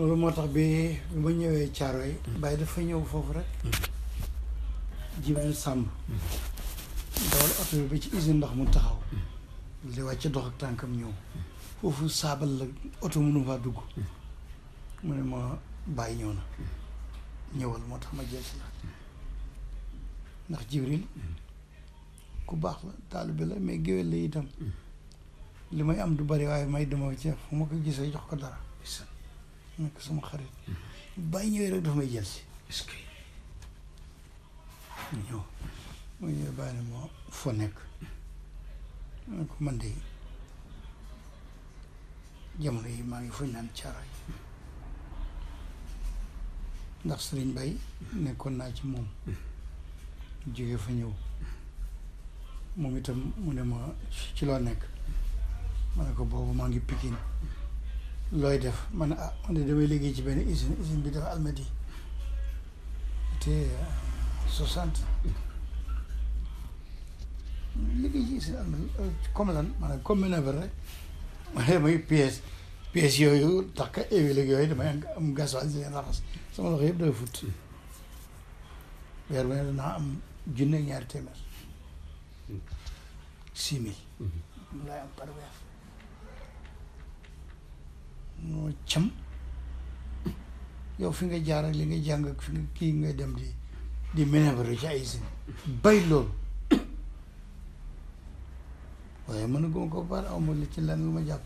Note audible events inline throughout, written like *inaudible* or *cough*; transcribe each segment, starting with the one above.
loolu moo tax bi bu ma ñëwee caaro yi mm-hmm. bàyyi dafa ñëw foofu rek mm-hmm. Jibril Sàmb mm-hmm. dawal oto bi ci usine ndox mu taxaw li wàcc dox ak tànkam ñëw foofu saabal la oto mënu faa dugg mu ne ma bàyyi ñëw na ñëwal moo tax ma jeex la ndax Jibril ku baax la taalibe la mais géwél la itam li may am du bari waaye may dama ci fu ma ko gisee jox ko dara nekk sama xarit bàyyi ñëwee rek dafa may jël si. est bàyyi ne moo foo nekk man ko de jamono yi maa ngi foñ naan caara yi ndax sëriñ bay nekkoon naa ci moom jóge fa ñëw moom itam mu ne ma ci loo nekk ma ne ko boobu maa ngi Pikine looy def man ah man de damay liggéey ci benn usine usine bi dafa almadi te ah, soixante liggéey ci usine almadi euh, comme lan maanaam comme manœuvre rek ma damay pièce pièce yooyu tax ka yooyu damay am gasoil leen raxas sama loxo yëpp dafa fut weer bu ne danaa am junne ñaari téeméer hmm. six mille hmm. noo cam yow fi nga jaar ak li nga jàng ak kii ngay dem di di ménébre ci ay bay loolu waaye mën a guma ko baal aw ma li ci lan lu ma jàpp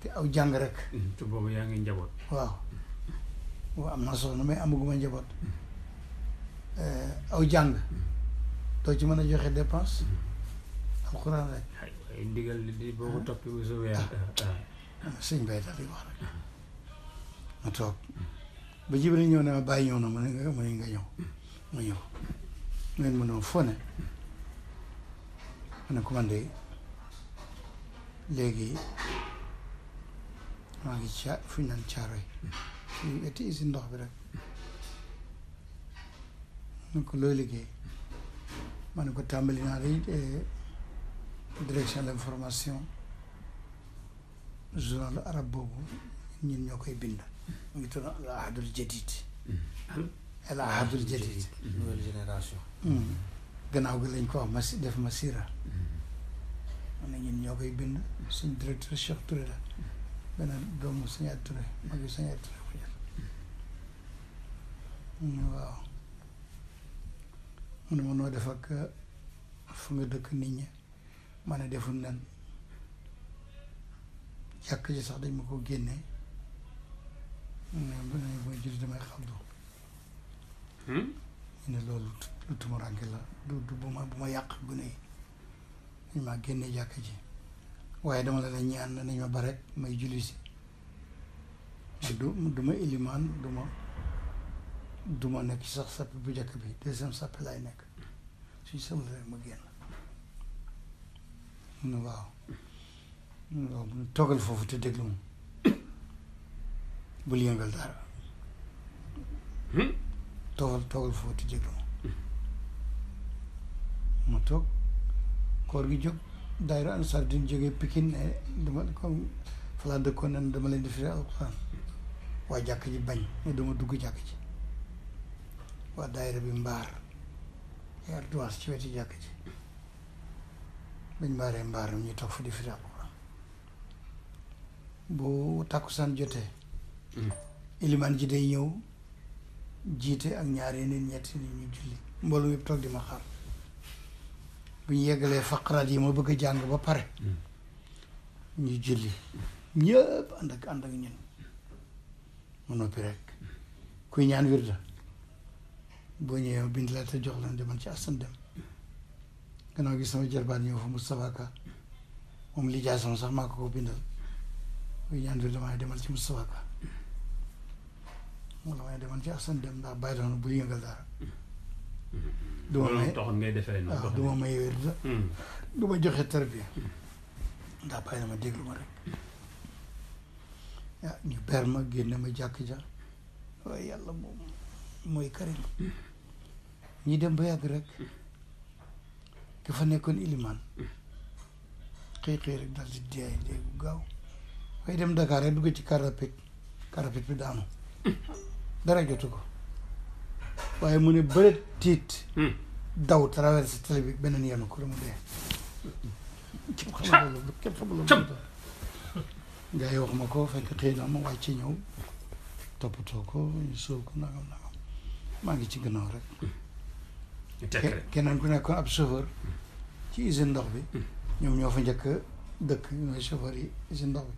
te aw jàng rek te boobu yaa ngi njaboot waaw waaw am na soxna mais amaguma njaboot eh, aw jàng doo ci mën a joxe dépense mm-hmm. alxuraan rek sëñ bay daal di wax rek ma toog ba Jibril ñëw ne ma bàyyi ñëw na mu ne nga mu ne nga ñëw ma ñëw ngeen mu ne ma foo ne ma ne ko man de léegi maa ngi caa fu ñu naan caaroy fi wetti usine ndox bi rek ma ne ko looy liggéey ma ne ko tàmbali naa day eh, direction de l'information journal arab boobu ñun ñoo koy bind mu ngi tudd al ahadul jadid al mm-hmm. mm-hmm. gannaaw gi lañ ko wax masi def masira man mm-hmm. na ñun ñoo koy bind suñ directeur Cheikh Touré la beneen doomu suñu mag yi suñu mu ne ma noo def fu nga dëkk nit ñi ma ne deful nen jàkk ji sax dañ ma ko génne mais bu may julli damay xaldu hmm? ñu ne loolu lu tumuraanke la du du bu ma bu ma yàq gune yi dañ maa génne jàkk ji waaye dama la ne ñaan nañ ma ba rek may julli si du du ma ilimaan du ma du ma nekk sax sapp bu njëkk bi deuxième sapp laay nekk suñ sama ma génn mu ne waaw waaw hmm, toogal foofu te déglu ma bul yëngal dara hmm? toogal foofu te déglu ma ma toog koor gi jóg daayira Ansaar Din jógee Pikine eh, dama comme fa laa dëkkoon nan dama leen defire alxuraan waaye jàkk ji bañ ne dama dugg jàkk ji waa daayira bi mbaar ardoise ci weti jàkk ji bañ mbaaree mbaaram ñu toog fa di firaaku bu takkusaan jotee mm. ilimaan ji day ñëw jiite ak ñaar nit ñetti ñu julli mbooloo yëpp toog di ma xaar bu ñu yeggalee faqaraat yi ma bëgg a jàng ba pare mm. ñu julli ñëpp ànd ak ànd ak ñun mu noppi rek kuy ñaan wirda boo ñëwee bind la te jox lan deman ci asan dem gannaaw gi sama jarbaat ñëw fa Moustapha moom li jaasam sax maa ko ko bindal muy ñaan bi la ma ne demal ci Moustapha Ba moom la ma demal ci Assane Dem bàyyi doon bu yëngal dara du may waaw du ma may wér hmm. du bàyyi dama déglu ma rek ah, ñu ber ma génne ma jàkk ja waaye yàlla moom mooy karim ñi dem ba yàgg rek dafa nekkoon ilimaan xëy xëy rek di dee dee bu gaaw way dem Dakar rek dugg ci car rapide bi daanu dara jotu ko waaye mu ne bëre tiit daw traversé télé bi beneen yenu ko la dee képp yi wax ma ko fekk xëy na ma wàcc ñëw toppatoo ko ñu sóob ko nangam nangam maa ngi ci gannaaw rek keneen ku nekkoon ab chauffeur ci usine ndox bi hmm. ñoom ñoo fa njëkk dëkk ñooy chauffeur yi usine ndox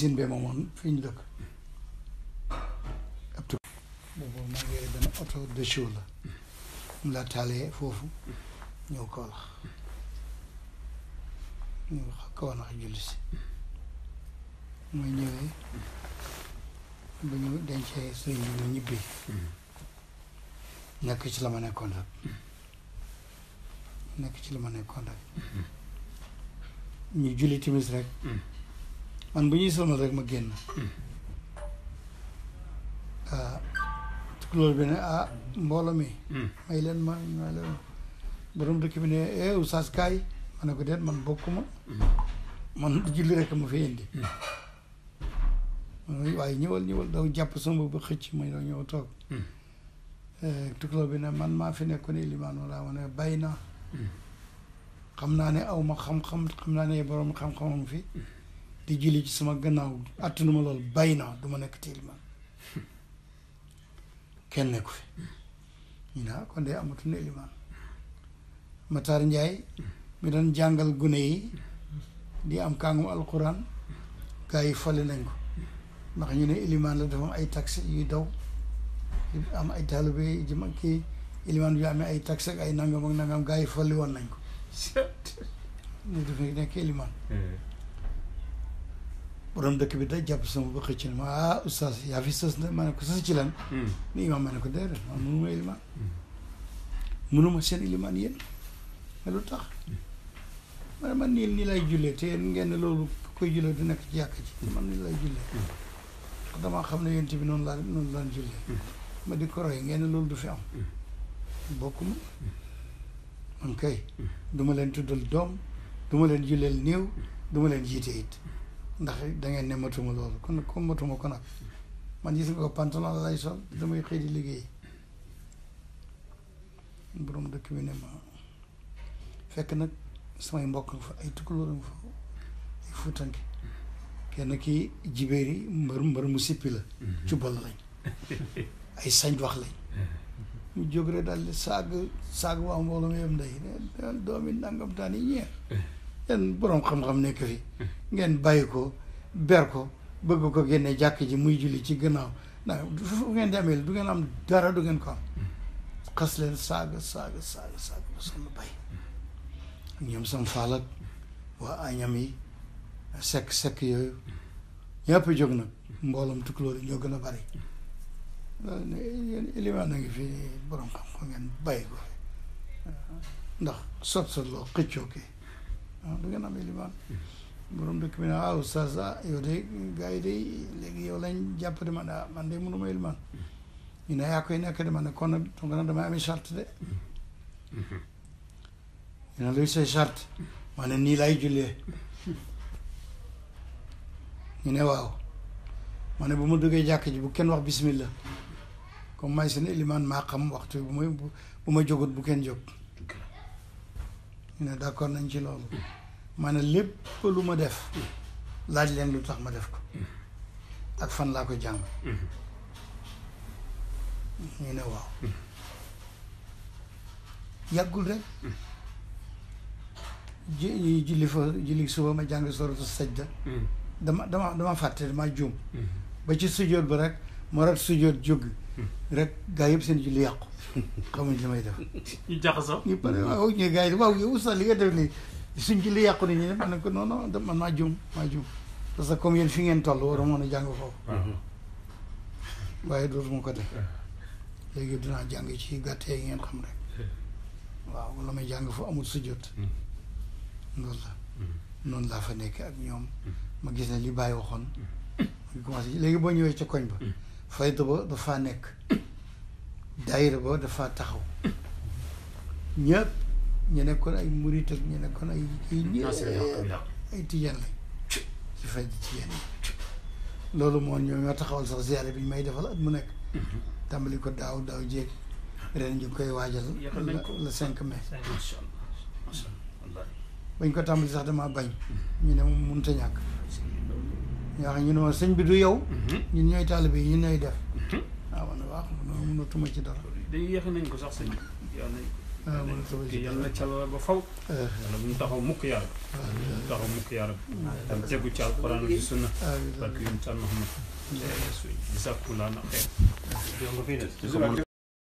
bi bee moomoon fi ñu dëkk ab tur boobu maa ngi yore benn de show la mu laa taalee foofu ñëw Kaolack ñëw Kaolack julli si mooy ñëwee bu ñu dencee sëriñ bi ñu ñibbi nekk ci la ma nekkoon rek nekk ci la ma nekkoon rek ñu julli timis rek man bu ñuy sonal rek ma génn ah bi ne ah mboolo mi may leen ma may leen borom dëkk bi ne eh oustaz kaay ma ne ko déet man bokkuma man julli rek ma fi indi waaye ñëwal ñëwal daw jàpp sama ba xëcc may daw ñëw toog eh, tukulóor bi ne man maa fi nekkoon ilimaan wala ma ne bàyyi naa xam naa ne aw ma xam-xam xam naa ne borom xam-xamam fi di julli ci sama gannaaw àttinuma ma loolu bay naa du ma nekk tiil kenn nekku fi ñu ne ah, kon de amatuñu ilimaan Matar Ndiaye mi doon jàngal gune yi di am kàngum alquran gars yi fale nañ ko ndax ñu ne ilimaan la dafa ay tax yuy daw am ay taalibe ji mag kii ilimaan bi amee ay taxe ak ay nangam ak nangam gars yi fale woon nañ ko mu dafay nekk ilimaan borom dëkk bi day jàpp sama ba xëcc na ma ah oustaz yaa fi sës na ma ne ko sës ci lan hmm. ni imaam ma ne ko déedéet man mënuma ilimaan hmm. mënuma seen lu tax hmm. man man nii lay jullee te yéen ngeen loolu koy jullee du nekk ci yàq ji man nii lay jullee damaa xam ne yéen bi noonu laa noonu laan jullee ma di ko roy loolu du fi am bokkuma man kay du leen tuddal doom duma leen julleel néew du leen jiite it ndax dangeen ngeen ne matuma loolu kon ko matuma ko nag man gis nga ko pantalon lay sol damay xëy di liggéey borom dëkk bi ne ma fekk nag samay mbokk fa ay tukkulóoram fa ay fuutanke kenn ki jibeeri mbër mbër mu sippi la. Mm-hmm. ci boll lañ *laughs* ay sañ wax lañ. Eh. mu jóg rek daal di saag saag waa mbooloo yëpp ndey ne doomi nangam yi ñeer yéen boroom xam-xam nekk fi ngeen bàyyi ko ber ko bëgg ko génne jàkk ji muy julli ci gannaaw ndax fu ngeen di amee du ngeen am dara du ngeen ko am xas leen saaga saaga saaga saaga ba sonn bay ñoom sam faalak waa añam yi sekk sekk yooyu ñëpp jóg nag mbooloom tukulóor ñoo gën a bari daal ne yéen ilimaan a ngi fii borom xam-xam ngeen bàyyi ko ndax sot sotloo xëccoo kii ah, du ngeen am ilimaan borom dëkk bi ne ah oustaz ah, yow de gars yi day léegi yow lañ jàpp de ah, man de mënuma ilimaan ñu ne yaa koy nekk de man ne kon nag damay ami charte de ñu ne luy ne nii laay jullee ñu ne waaw ma ne bu ma duggee jàkk ji bu kenn wax bismillah comme may seen ilimaan maa xam waxtu bu may ma jógut bu kenn jóg ñu ne d'accord nañ ci loolu ma ne lépp lu ma def laaj leen lu tax ma def ko ak fan laa ko jàng ñu ne waaw yàggul rek ji julli fa julli suba ma jàng soratu sajda dama dama dama fàtte dama juum mm-hmm. ba ci sujjóot ba rek ma rat sujjóot jóg rek gaa yëpp seen julli yàqu xamuñ li may def. ñu jaxasoo. ñu pare waaw ñu gaa yi waaw yow oustaz li nga def nii suñ julli yàqu ni ñu ne man ko non non man maa juum maa juum parce que comme yéen fi ngeen toll war a mën a jàng foofu. Uh-huh. waaye dootuma ko def dinaa jàng ci gàttee yi ngeen xam rek waaw may jàng fu amul sujjóot loolu mm-hmm. la mm-hmm. noonu laa fa nekk ak ñoom mm-hmm. ma gis ne li bàyyi waxoon ma commencé léegi boo ñëwee ca koñ ba fayda ba dafaa nekk daayira ba dafaa taxaw ñëpp ñu nekkoon ay murit ak ñu nekkoon ay kii ay tijaan lañ ci fay ji tijaan loolu moo ñoo ñoo taxawal sax ziyaare bi ñu may defal at mu nekk tàmbali ko daaw daaw jéeg ren ñu koy waajal le cinq mai bañ ko tàmbali sax damaa bañ ñu ne moom mënut ñàkk ñoo xam ñu ne ma sëñ bi du yow. Mhm. ñun ñooy taalibe yi ñun ñooy def. Mhm. waaw man waaw a mënatuma ci dara. dañuy yéex nañ ko sax sëñ bi yàlla nañ. waaw ah, mënatuma ci dara yàlla na calal ba faw. Ah. yàlla bu ñu taxaw mukk yàlla. bu ñu taxaw mukk yàlla. dama ah, tegu ci alquran bi sunna. barke laa na xeer.